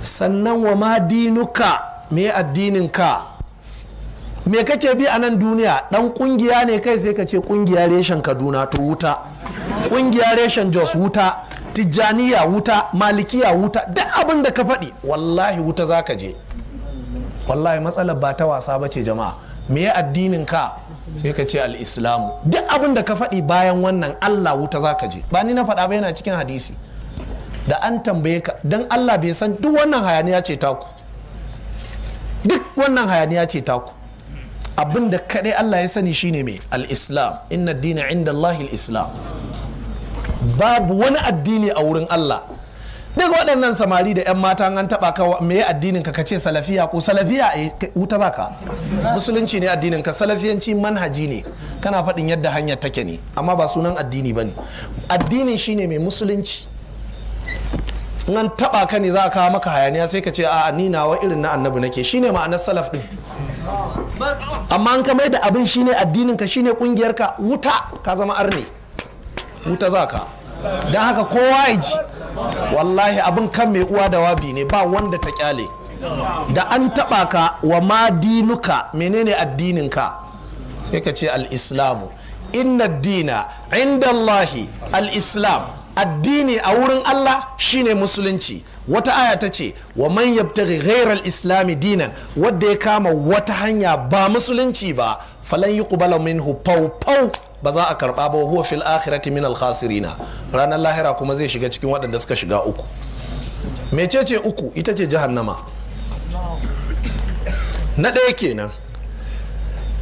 sannan wa ma dinuka me addininka me kake bi a nan duniya dan kungiya ne kai sai ka ce kungiya reshen kaduna to wuta kungiya reshen jos wuta tijjaniya wuta malikiya wuta duk abin da ka faɗi wallahi wuta za ka je wallahi matsalar ba ta wasa ba ce jama'a me addinin ka sai ka ce al'islamu duk abin da ka faɗi bayan wannan allah wuta za ka je ba ni na faɗa ba yana cikin hadisi da an tambaye ka don Allah bai san duk wannan hayaniya ce taku duk wannan hayaniya ce taku abin da kaɗai Allah ya sani shine mai al-islam inna dina inda Allah islam babu wani addini a wurin Allah duk waɗannan samari da 'yan mata an taɓa ka me addinin ka kace salafiya ko salafiya eh, a wuta baka musulunci ne addinin ka salafiyanci manhaji ne kana faɗin yadda hanyar take ne amma ba sunan addini ba ne addinin shine mai musulunci nan an taba ka ne za a kawo maka hayaniya sai ka ce a ni nawa irin na annabi nake shine ma'anar salaf din amma an kamar da abin shine addinin ka shine kungiyar ka wuta ka zama arne wuta za ka don haka kowa ya ji wallahi abin kan mai uwa da wabi ne ba wanda ta kyale da an taba ka wa ma dinuka menene addinin ka sai ka ce al inna dina inda Allahi al-islam addini a wurin Allah shine musulunci wata aya ta ce wa man yabtaghi ghairal islami dinan wanda ya kama wata hanya ba musulunci ba falan yuqbala minhu pau pau ba za a karba ba huwa fil akhirati khasirina ranar lahira kuma zai shiga cikin waɗanda suka shiga uku mecece uku ita ce jahannama na ɗaya kenan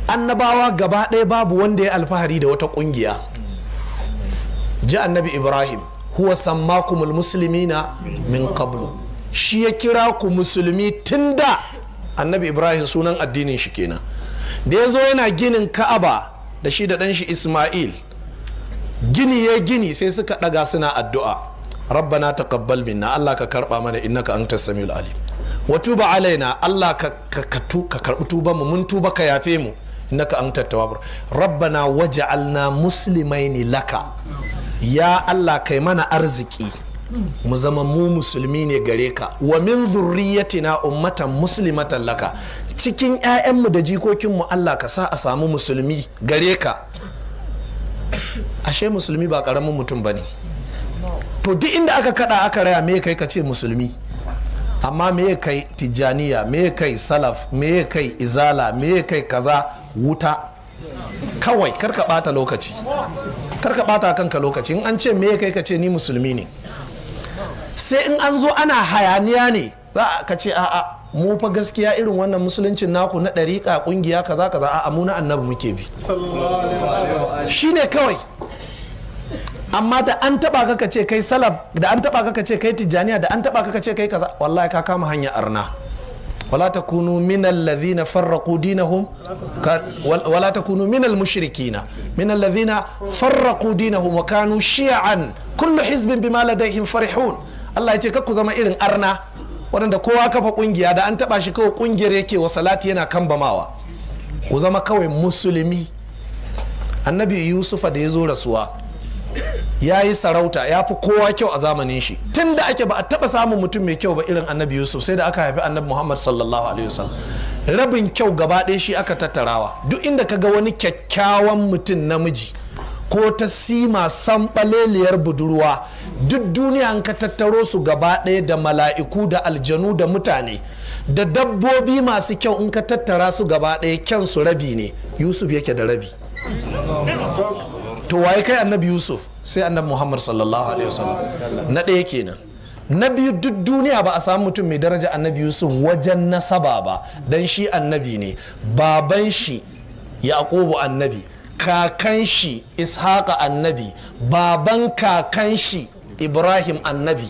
annabawa gaba ɗaya babu wanda ya alfahari da wata ƙungiya ji annabi ibrahim huwa sammakumul muslimina min qablu shi ya kira ku musulmi tun da annabi ibrahim sunan addinin shi kenan da ya zo yana ginin ka'aba da shi da ɗanshi isma'il gini ya gini sai suka ɗaga suna addu'a rabbana taqabbal minna allah ka karɓa mana innaka anta samiul alim wa tuba alaina allah ka ka karɓi mu mun tuba ka yafe mu innaka anta tawwabur rabbana waj'alna muslimaini laka ya Allah kai mana arziki mu zama mu musulmi ne gare ka wa min zurriyatina ummatan muslimatan laka cikin 'ya'yanmu da jikokinmu Allah ka sa a samu musulmi gare ka ashe musulmi ba karamin mutum ba ne to duk inda aka kada aka raya me kai ka ce musulmi amma me kai tijjaniya me kai salaf me kai izala me kai kaza wuta kawai karka bata lokaci karka bata kanka lokaci in an ce me kai ka ce ni musulmi ne sai in an zo ana hayaniya ne za ka ce a'a mu fa gaskiya irin wannan musuluncin naku na ɗariƙa ƙungiya kaza kaza a'a mu na annabi muke bi shine kawai amma da an taba ka ce kai salaf da an taba ka ce kai tijjaniya da an taba ka ce kai kaza wallahi ka kama hanya arna wala takunu minal mushirikina. farraqu dinahum wala minal mushrikina minal ladhina farraqu dinahum wa kanu shi'an kullu hizbin bima ladayhim farhun. Allah ya ce ku zama irin arna waɗanda kowa kafa kungiya da an taba shi kawai kungiyar yake wa salati yana kambamawa ku zama kawai musulmi annabi yusufa da ya zo rasuwa ya yi sarauta ya fi kowa kyau a zamanin shi tun da ake ba a taba samun mutum mai kyau ba irin annabi yusuf sai da aka haifi annabi muhammad sallallahu alaihi wasallam rabin kyau gaba ɗaya shi aka tattarawa duk inda ka ga wani kyakkyawan mutum namiji ko ta sima ɓaleliyar budurwa duk duniya ka tattaro su gaba ɗaya da mala'iku da aljanu da mutane da dabbobi masu kyau in ka tattara su gaba ɗaya kyan su rabi ne yusuf yake da rabi to waye kai annabi yusuf sai annabi muhammad sallallahu alaihi wasallam na ɗaya kenan na biyu duk duniya ba a samu mutum mai daraja annabi yusuf wajen nasaba ba dan shi annabi ne baban shi yaqubu annabi kakan shi ishaqa annabi baban kakan shi ibrahim annabi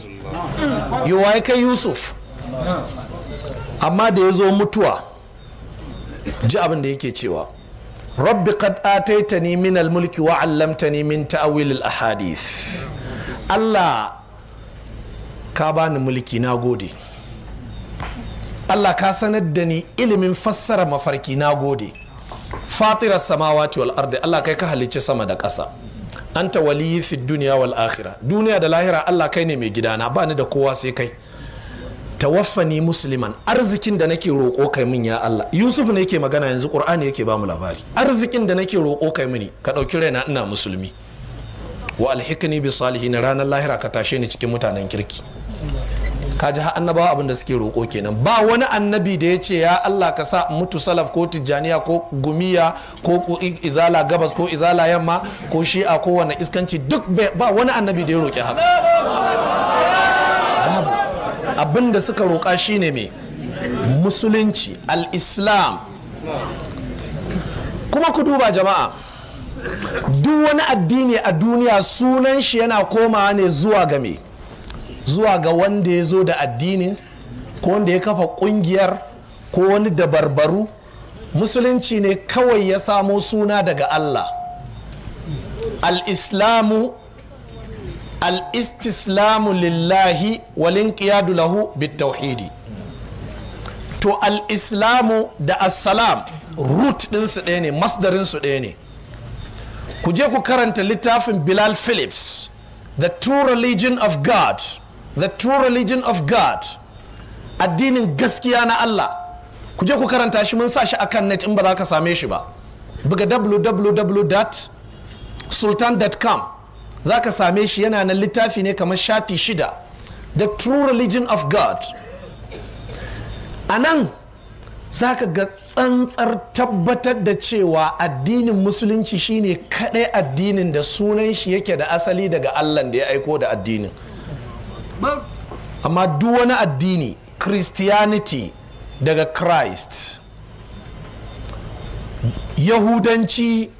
yi waye kai yusuf amma da ya zo mutuwa ji abin da yake cewa rabbi qad ataitani min al-mulki wa 'allamtani min ta'wil al-ahadith Allah ka bani mulki na gode Allah ka sanar da ni ilimin fassara mafarki na gode fatirar samawati wal ardi Allah kai ka halicci sama da ƙasa anta waliyyi fid duniya wal akhirah duniya da lahira Allah kai ne mai gidana bani da kowa sai kai tawaffani musulman arzikin da nake roƙo kai min ya Allah Yusuf ne yake magana yanzu Qur'ani yake ba mu labari arzikin da nake roƙo kai mini ka ɗauki raina ina musulmi wa alhikni bi salihin ranar lahira ka tashe ni cikin mutanen kirki ka ji annabawa abin da suke roƙo kenan ba wani annabi da ya ce ya Allah ka sa mutu salaf ko tijjaniya ko gumiya ko izala gabas ko izala yamma ko shi'a ko wani iskanci duk ba wani annabi da ya roƙi haka abin da suka roƙa shine mai musulunci al-islam kuma ku duba jama'a duk wani addini a duniya sunan shi yana komawa ne zuwa ga me zuwa ga wanda ya zo da addinin ko wanda ya kafa ƙungiyar, ko wani dabarbaru musulunci ne kawai ya samo suna daga allah al-islamu al-istislamu lillahi walin qiyadu lahu bitauhidi to al-islamu da assalam root ɗinsu ɗaya ne masdarinsu ɗaya ne ku je ku karanta littafin bilal phillips the true religion of god the true religion of god addinin gaskiya na allah ku je ku karanta shi mun sa shi akan net in ba za ka same shi ba buga www.sultan.com za ka same shi yana na littafi ne kamar shafi shida the true religion of god a nan za ka ga tsantsar tabbatar da cewa addinin musulunci shine kadai addinin da sunan shi yake da asali daga allah da ya aiko da addinin amma duk wani addini christianity daga christ yahudanci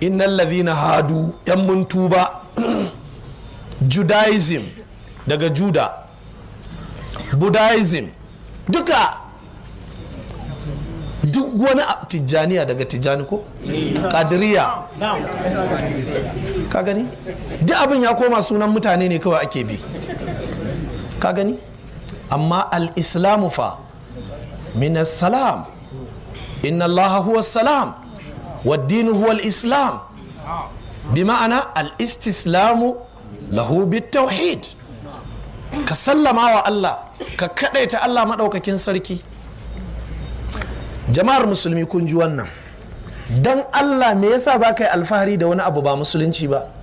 innan na hadu yan mun tuba judaism daga juda budaism duka duk wani tijjaniya daga tijjani ko kadiriya ka gani duk abin ya koma sunan mutane ne kawai ake bi ka gani amma al-islamu fa min salam inna allaha huwa salam wa huwa al-islam bi ma'ana al-istislamu lahu tauhid ka sallama wa Allah ka kadaita Allah maɗaukakin sarki jama'ar musulmi kun ji wannan dan Allah me yasa za ka yi alfahari da wani abu ba musulunci ba